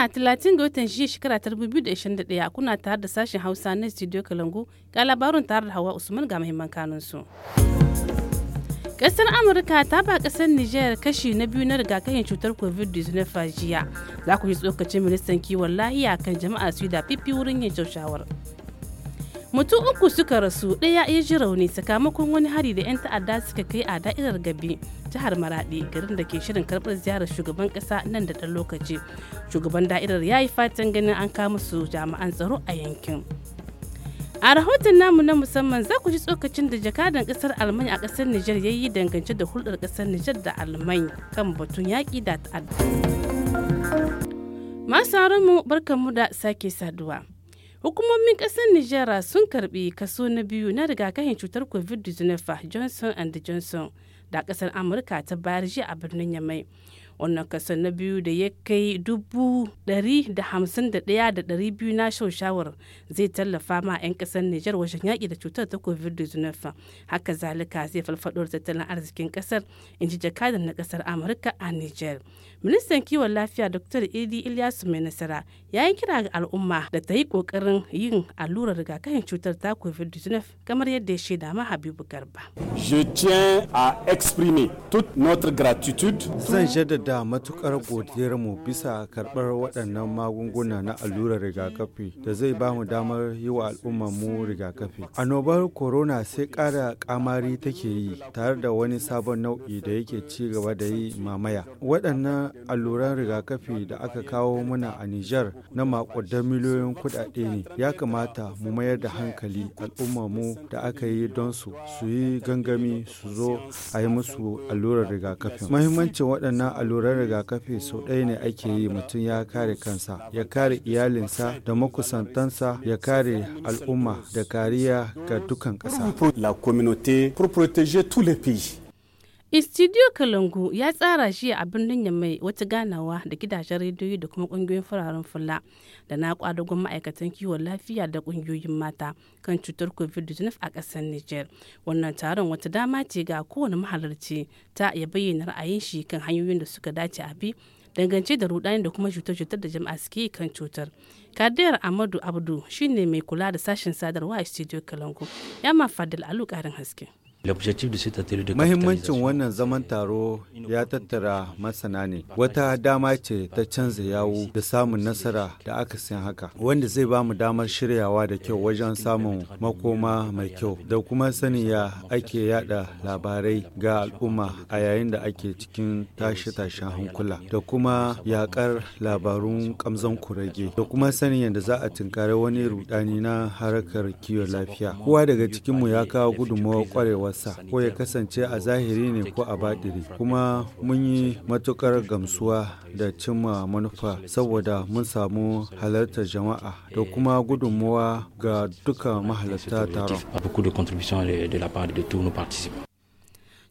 Juma'a 30 ga watan jiya shekara ta 2021 kuna tare da sashen Hausa na Studio Kalangu ga labarin tare da Hawa Usman ga mahimman kanun su. Kasar Amurka ta ba kasar Nijar kashi na biyu na rigakafin cutar COVID-19 fajiya. Za ku ji tsokacin ministan kiwon lahiya kan jama'a su da fifi wurin yin shawar. mutum uku suka rasu ɗaya ya ji rauni sakamakon wani hari da 'yan ta'adda suka kai a da'irar gabi jihar Maradi garin da ke shirin karbar ziyarar shugaban ƙasa nan da ɗan lokaci shugaban da'irar ya yi fatan ganin an kama su jami'an tsaro a yankin a rahoton namu na musamman za ku ji tsokacin da jakadan ƙasar alman a kasar nijar ya yi dangance da hulɗar ƙasar nijar da alman kan batun yaƙi da ta'adda masu mu barkanmu da sake saduwa Hukumomin ƙasar Nijera sun karbi kaso na biyu na rigakafin cutar COVID-19 Johnson and Johnson da ƙasar Amurka ta bayar jiya a birnin Yamai. wannan kasa na biyu da ya kai dubu dari da hamsin da ɗaya da dari biyu na shan shawar zai tallafa ma 'yan kasar Nijar wajen yaƙi da cutar ta COVID-19 haka zalika zai falfaɗo tattalin arzikin kasar in ji jakadan na kasar Amurka a Nijar. Ministan kiwon lafiya Dr. Idi Ilyasu mai nasara ya yi kira ga al'umma da ta yi ƙoƙarin yin allurar rigakafin cutar ta COVID-19 kamar yadda ya shaida ma Habibu Garba. Je tiens à exprimer toute notre gratitude. da matukar godiyar mu bisa karɓar waɗannan magunguna na allurar rigakafi da zai ba mu damar yi wa mu rigakafi. Annobar corona sai ƙara ƙamari take yi tare da wani sabon nau'i da yake ci gaba da yi mamaya. Waɗannan alluran rigakafi da aka kawo mana a Nijar na makudan miliyoyin kuɗaɗe ne ya kamata mu mayar da hankali mu da aka yi don su su yi gangami su zo a yi musu allurar rigakafi. muhimmancin waɗannan allurar alluran rigakafi sau ɗaya ne ake yi mutum ya kare kansa ya kare iyalinsa da makusantansa ya kare al'umma da kariya ga dukan ƙasa. La communauté pour protéger tous les pays. Istidiyo Kalangu ya tsara shi a birnin Yamai wata ganawa da gidajen rediyo da kuma kungiyoyin fararen fulla da na kwadagon ma'aikatan kiwon lafiya da kungiyoyin mata kan cutar COVID-19 a kasar Nijar. Wannan taron wata dama ce ga kowane mahalarci ta ya bayyana ra'ayin shi kan hanyoyin da suka dace a bi dangance da rudani da kuma cutar da jama'a suke kan cutar. Kadiyar Amadu Abdu shine mai kula da sashen sadarwa a istidiyo Kalangu. Ya ma Fadil Alu ƙarin haske. Mahimmancin wannan zaman taro ya tattara masana ne. Wata dama ce ta canza yawu da samun nasara da aka sin haka, wanda zai ba mu damar shiryawa da kyau wajen samun makoma mai kyau da kuma sanin ya ake yada labarai ga al'umma a yayin da ake cikin tashe-tashen hankula da kuma yakar labarun kamzon kurege da kuma sanin yadda za a tinkari wani rudani na harkar kiwon lafiya. Kowa daga cikinmu ya kawo gudunmawar kwarewa rayuwarsa ko ya kasance a zahiri ne ko a baɗiri kuma mun yi matukar gamsuwa da cimma manufa saboda mun samu halartar jama'a da kuma gudunmuwa ga duka mahalarta taron.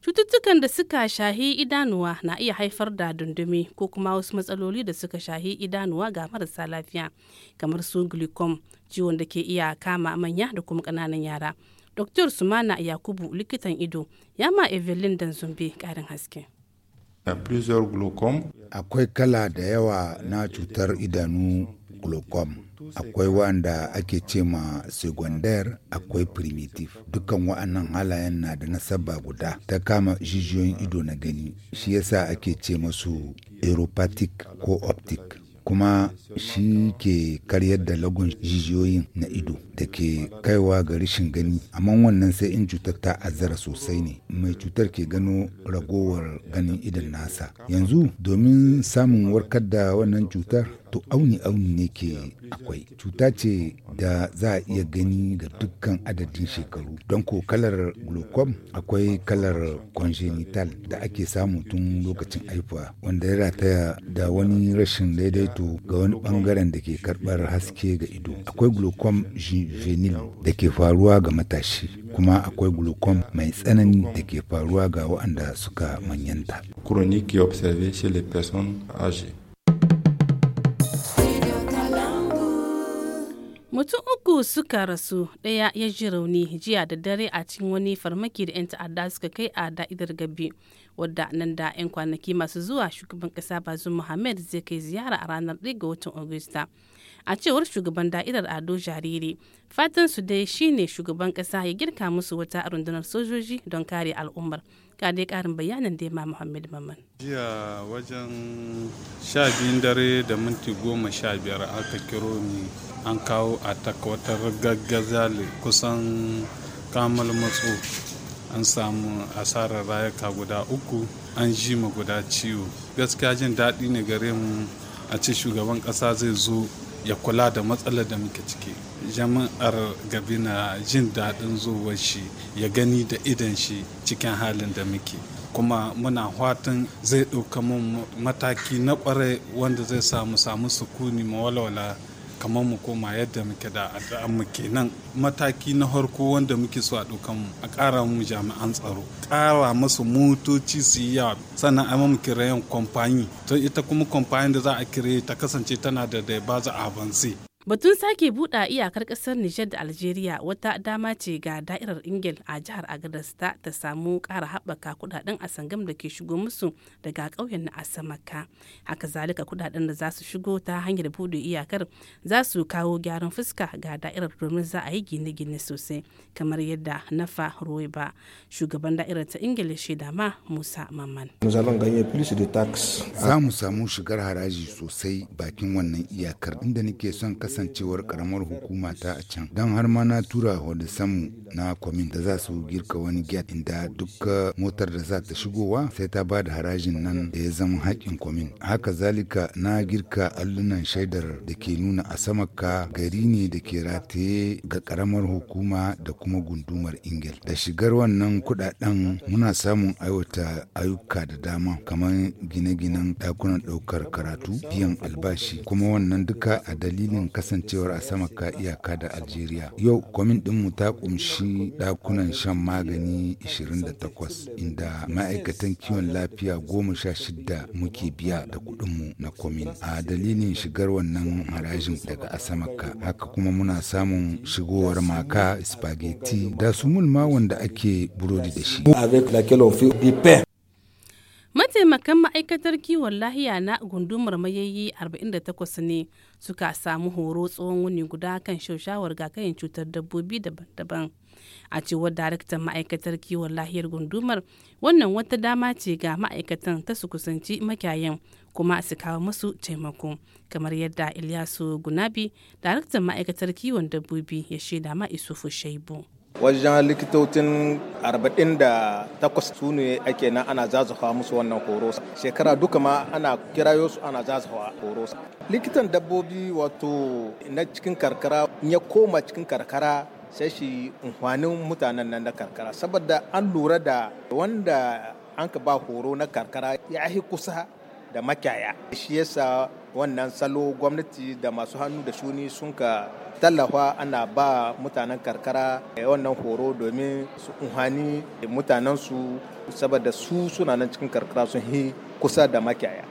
Cututtukan da suka shahi idanuwa na iya haifar da dundumi ko kuma wasu matsaloli da suka shahi idanuwa ga marasa lafiya kamar su glucom ciwon da ke iya kama manya da kuma ƙananan yara. Dr. Sumana Yakubu likitan ido ya ma Evelyn zumbi karin haske. Akwai kala da yawa na cutar idanu glaucom. Akwai wanda ake ce ma secondaire akwai primitive. Dukan wa'annan halayen na da nasaba guda ta kama jijiyoyin ido na gani. Shi yasa ake ce masu aeropathic ko optic. kuma shi ke karyar da lagun jijiyoyin na ido da ke kaiwa ga rashin gani amma wannan sai in cutar ta azara sosai ne mai cutar ke gano ragowar ganin idan nasa yanzu domin samun warkar da wannan cutar to auni auni ne ke akwai cuta ce da za a iya gani ga dukkan adadin shekaru don ko kalar glucom akwai kalar congenital da ake samu tun lokacin haifuwa wanda ya rataya da wani rashin daidai ceto ga wani bangaren da ke karbar haske ga ido akwai glaucom juvenil da ke faruwa ga matashi kuma akwai glaucom mai tsanani da ke faruwa ga waɗanda suka manyanta chronique qui est observée chez les personnes âgées mutum uku suka rasu ɗaya ya ji rauni jiya da dare a cikin wani farmaki da 'yan ta'adda suka kai a da'idar gabi wadda nan da 'yan kwanaki masu zuwa shugaban ƙasa bazu muhammad zai kai ziyara a ranar 1 ga watan agusta a cewar shugaban da'idar ado jariri fatan su dai shine shugaban ƙasa ya girka musu wata rundunar sojoji don kare al'ummar ka dai karin bayanin da ma Muhammad Maman. Jiya wajen sha biyun dare da minti goma sha biyar aka kiro ni an kawo a takwatar gaggazali kusan kamal matso an samu asarar rayuka guda uku an ji ma guda ciwo gaskiya jin daɗi ne gare mu a ce shugaban ƙasa zai zo ya kula da matsalar da muke ciki jama'ar gabi na jin daɗin zuwar shi ya gani da idan shi cikin halin da muke kuma muna fatan zai ɗauka mun mataki na ƙwarai wanda zai samu samu sukuni mawalwala kamar mu koma yadda muke da addu'an mu kenan mataki na harko wanda muke so a ɗaukan mu a ƙara mu jami'an tsaro ƙara masu motoci su yi yawa sannan a mamu kirayen kwamfani to ita kuma kwamfani da za a kire ta kasance tana da da baza avansi Batun sake buɗa iyakar ƙasar Nijar da Algeria wata dama ce ga da'irar Ingil a jihar Agadas ta samu ƙara haɓaka kuɗaɗen sangam da ke shigo musu daga ƙauyen na Asamaka. Haka zalika kuɗaɗen da za su shigo ta hanyar buɗe iyakar za su kawo gyaran fuska ga da'irar domin za a yi gine-gine sosai kamar yadda Nafa Roiba shugaban da'irar ta Ingil shi dama Musa mamman. Za mu samu shigar haraji sosai bakin wannan iyakar inda nake son kasa kasancewar karamar hukuma ta a can don har ma na tura wadda samu na kwamin da za su girka wani gate inda dukka motar da za ta shigowa sai ta ba da harajin nan da ya zama haƙƙin kwamin haka zalika na girka allunan shaidar da ke nuna a samaka gari ne da ke rataye ga karamar hukuma da kuma gundumar ingil da shigar wannan kudaden muna samun aiwata ayyuka da dama kamar gine-ginen dakunan ɗaukar karatu biyan albashi kuma wannan duka a dalilin kasancewar a sama ka iyaka da Algeria. Yau kwamin ɗinmu ta ƙumshi ɗakunan shan magani 28 inda ma'aikatan kiwon lafiya goma sha shida muke biya da kuɗinmu na kwamin. A dalilin shigar wannan harajin daga asamaka haka kuma muna samun shigowar maka spaghetti da sumul ma wanda ake burodi da shi. mataimakan ma'aikatar kiwon lahiya na gundumar mayayi 48 ne suka samu horo tsohon wuni guda kan shaushawar gagayin cutar dabbobi daban-daban a cewar daraktan ma'aikatar kiwon lahiyar gundumar wannan wata dama ce ga ma'aikatan ta su kusanci makyayan kuma su kawo masu taimako kamar yadda ilyasu gunabi daraktan ma'aikatar kiwon dabbobi ya shaida ma isufu shaibu wajen likitocin 48 su ne ake nan ana zazafa musu wannan horo shekara duka ma ana kirayo su ana zazafa horo likitan dabbobi wato na cikin karkara ya koma cikin karkara sai shi unhwanin mutanen nan na karkara saboda an lura da wanda an ka ba horo na karkara ya yi kusa da makyaya shi yasa wannan salo gwamnati da masu hannu da shuni sun ka tallafa ana ba mutanen karkara eh, wannan horo domin su unhani mutanensu saboda su suna nan cikin karkara sun hi kusa da makiyaya.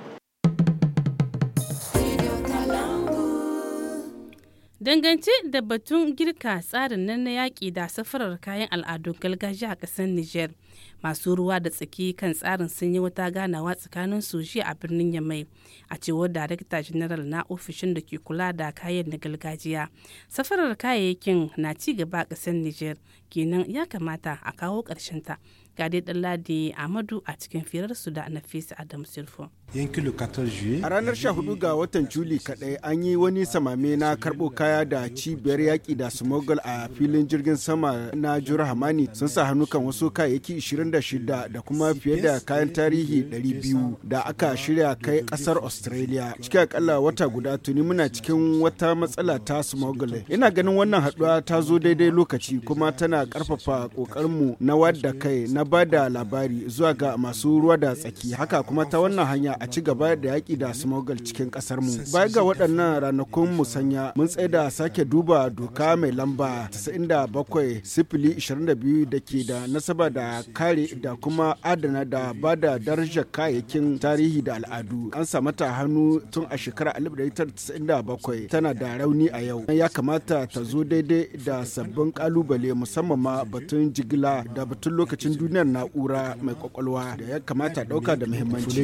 Dangance da batun girka tsarin nan na yaƙi da safarar kayan al'adun gargajiya a ƙasar niger masu ruwa da tsaki kan tsarin sun yi wata ganawa tsakanin su jiya a birnin yamai a cewar darakta general na ofishin da ke kula da kayan na gargajiya safarar kayayyakin na ci gaba a ƙasar niger kenan ya kamata a kawo ƙarshen ta ga dai ɗanladi amadu a cikin firarsu da nafisa adam silfo A ranar 14 ga watan Juli kadai an yi wani samame na karɓo kaya da cibiyar yaƙi da smuggle a filin jirgin sama na Jura Hamani sun sa hannu kan wasu kayayyaki 26 da kuma fiye da kayan tarihi 200 da aka shirya kai kasar australia cikin akalla wata guda tuni muna cikin wata matsala ta smuggling ina ganin wannan haduwa ta zo daidai lokaci kuma tana karfafa kokarinmu na wadda kai na ba da labari zuwa ga masu ruwa da tsaki haka kuma ta wannan hanya a ci gaba da yaki da smuggle cikin kasar mu baya ga waɗannan ranakun musanya mun da sake duba doka mai lamba 97 sifili 22 da ke da nasaba da kare da kuma adana da ba da darajar kayayyakin tarihi da al'adu an samu ta hannu tun a shekarar 1997 tana da rauni a yau ya kamata ta zo daidai da sabbin kalubale musamman ma batun jigila da batun lokacin duniyar na'ura mai kwakwalwa da ya kamata dauka da muhimmanci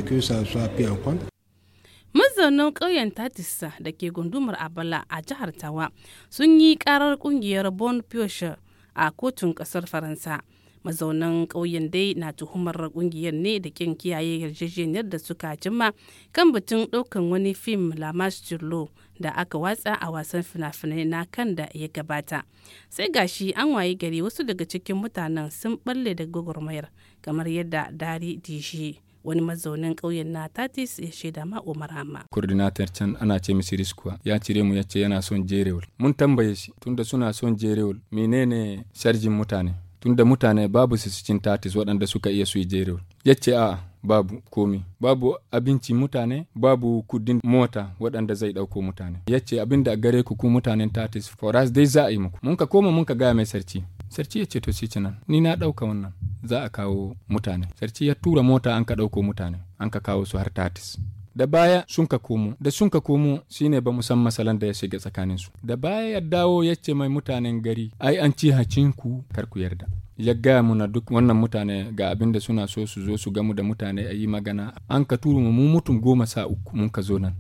mazaunan ƙauyen tatisa da ke gundumar abala a jihar tawa sun yi karar ƙungiyar bon pioche a kotun ƙasar faransa mazaunan ƙauyen dai na tuhumar ƙungiyar ne da kin kiyaye yarjejeniyar da suka jima kan batun ɗaukan wani fim La jirlo da aka watsa a wasan fina-finai na kan da ya gabata sai gashi an waye gari wasu daga cikin mutanen sun balle da gwagwarmayar kamar yadda dari dishi wani mazaunin ƙauyen na tatis ya shaida ma umar hama coordinator can ana ce misi riskuwa ya cire mu ya ce yana son jerewol mun tambaye shi tunda suna son jerewol menene sharjin mutane tunda mutane babu su cikin tatis waɗanda suka iya su yi jero ya ce a babu komi babu abinci mutane babu kudin mota waɗanda zai ɗauko mutane ya ce abin da gare ku ku mutanen tatis foras dai za a yi muku mun ka koma mun ka gaya mai sarci. sarki ya ce to shi nan ni na ɗauka wannan za a kawo mutane Sarci ya tura mota an ka ɗauko mutane an ka kawo su har tatis da baya sun ka komo da sun ka komo shine ba san masalan da ya shiga tsakanin su da baya ya dawo ya ce mai mutanen gari ai an ci hacin ku kar ku yarda ya gaya muna duk wannan mutane ga abin da suna so su zo su gamu da mutane a yi magana an ka turu mu mutum goma sa uku mun ka zo nan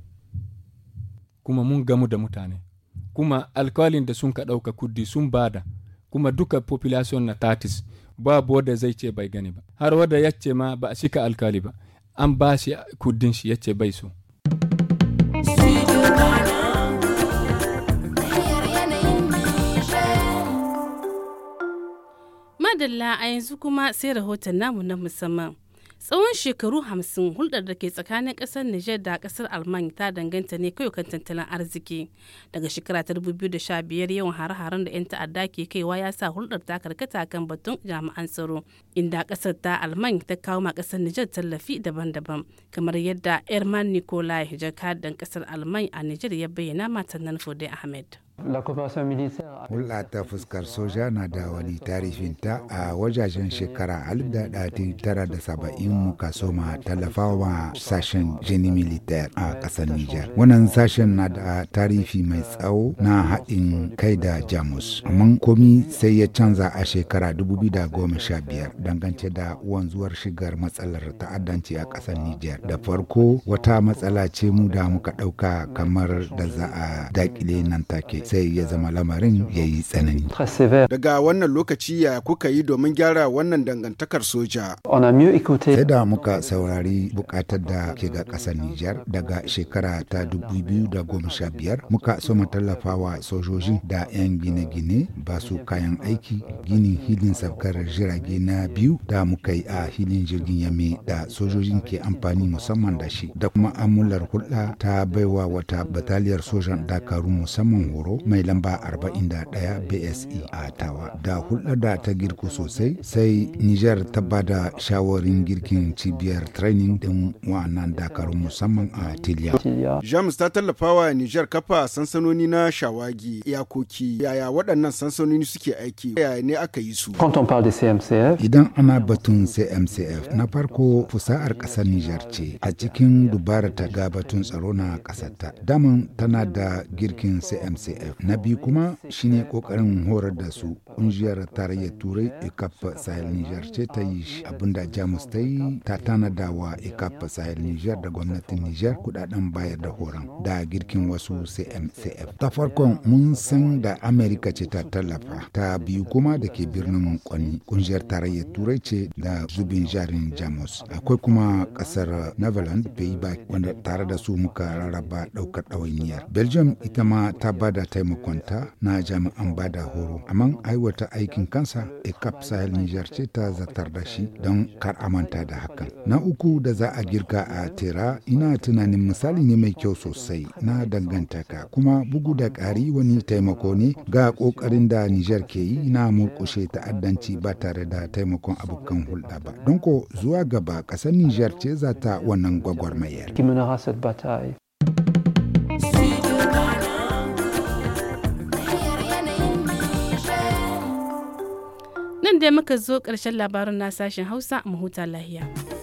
kuma mun gamu da mutane kuma alkalin da sun ka ɗauka kuddi sun bada kuma duka population na 30 babu wanda zai ce bai gani ba har wanda ya ce ma ba a cika alkali ba an ba shi kudin shi ya ce bai so madalla a yanzu kuma sai rahoton namu na musamman tsawon shekaru hamsin hulɗar da ke tsakanin ƙasar niger da ƙasar alman ta danganta ne kai kan tattalin arziki daga shekara ta biyar yawan hare-haren da 'yan ta'adda ke kaiwa ya sa hulɗar ta karkata kan batun jami'an tsaro inda ƙasar ta alman ta kawo ma ƙasar niger tallafi daban-daban kamar yadda erman nikolai jakadan ƙasar alman a niger ya bayyana matan nan ahmed La coopération militaire hulɗa ta fuskar soja na da wani tarifinta a wajajen shekara da 1970 muka soma tallafawa sashen jini militar a ƙasar Nijar. Wannan sashen na da tarifi mai tsawo na haɗin kai da Jamus. Amma komi sai ya canza a shekara 2015 dangance da wanzuwar shigar matsalar ta'addanci a ƙasar Nijar. Da farko wata matsala ce mu da muka ɗauka kamar da za a daƙile nan take sai ya zama lamarin ya yi tsanani. Daga wannan lokaci ya kuka yi domin gyara wannan dangantakar soja. Sai da muka saurari bukatar da ke ga ƙasar Nijar daga shekara ta 2015 muka soma tallafawa sojojin da 'yan gine-gine ba su kayan aiki gini hilin safkar jirage na biyu da muka yi a hilin jirgin yame da sojojin ke amfani musamman da shi da kuma amular hulɗa ta baiwa wata bataliyar sojan dakarun musamman horo mai lamba ɗaya bse a tawa da hulɗa da ta girku sosai sai niger ta bada shawarin girkin cibiyar training din wa'annan dakarun musamman a tiliya James ta wa niger kafa sansanoni na shawagi iyakoki yaya waɗannan sansanoni suke aiki yaya ne aka yi su idan ana batun cmcf na farko fusa'ar ƙasar niger ce a cikin dubara ta ga batun tsaro na ƙasarta daman tana da girkin cmcf na biyu kuma shine ne kokarin horar da su kungiyar tarayyar turai ecap sahel niger ce ta yi abinda jamus ta yi ta tanada wa ecap sahel niger da gwamnatin niger kudaden bayar da horon da girkin wasu cmcf ta farkon mun san da amerika ce ta tallafa ta biyu kuma da ke birnin kwani kungiyar tarayyar turai ce da zubin jarin jamus akwai kuma kasar neverland payback wanda tare da su muka rarraba daukar dawainiyar belgium ita ma ta bada taimakonta na jamus dama an ba da horo amma aiwata aikin kansa ecap sahel niger ce ta zartar da shi don kar a manta da hakan na uku da za a girka a tera ina tunanin misali ne mai kyau sosai na dangantaka kuma bugu da ƙari wani taimako ne ga ƙoƙarin da nijar ke yi na murƙushe ta'addanci ba tare da taimakon abokan hulɗa ba don ko zuwa gaba ƙasar nijar ce za ta wannan gwagwarmayar dai muka zo ƙarshen labarin na sashen Hausa mu huta lahiya.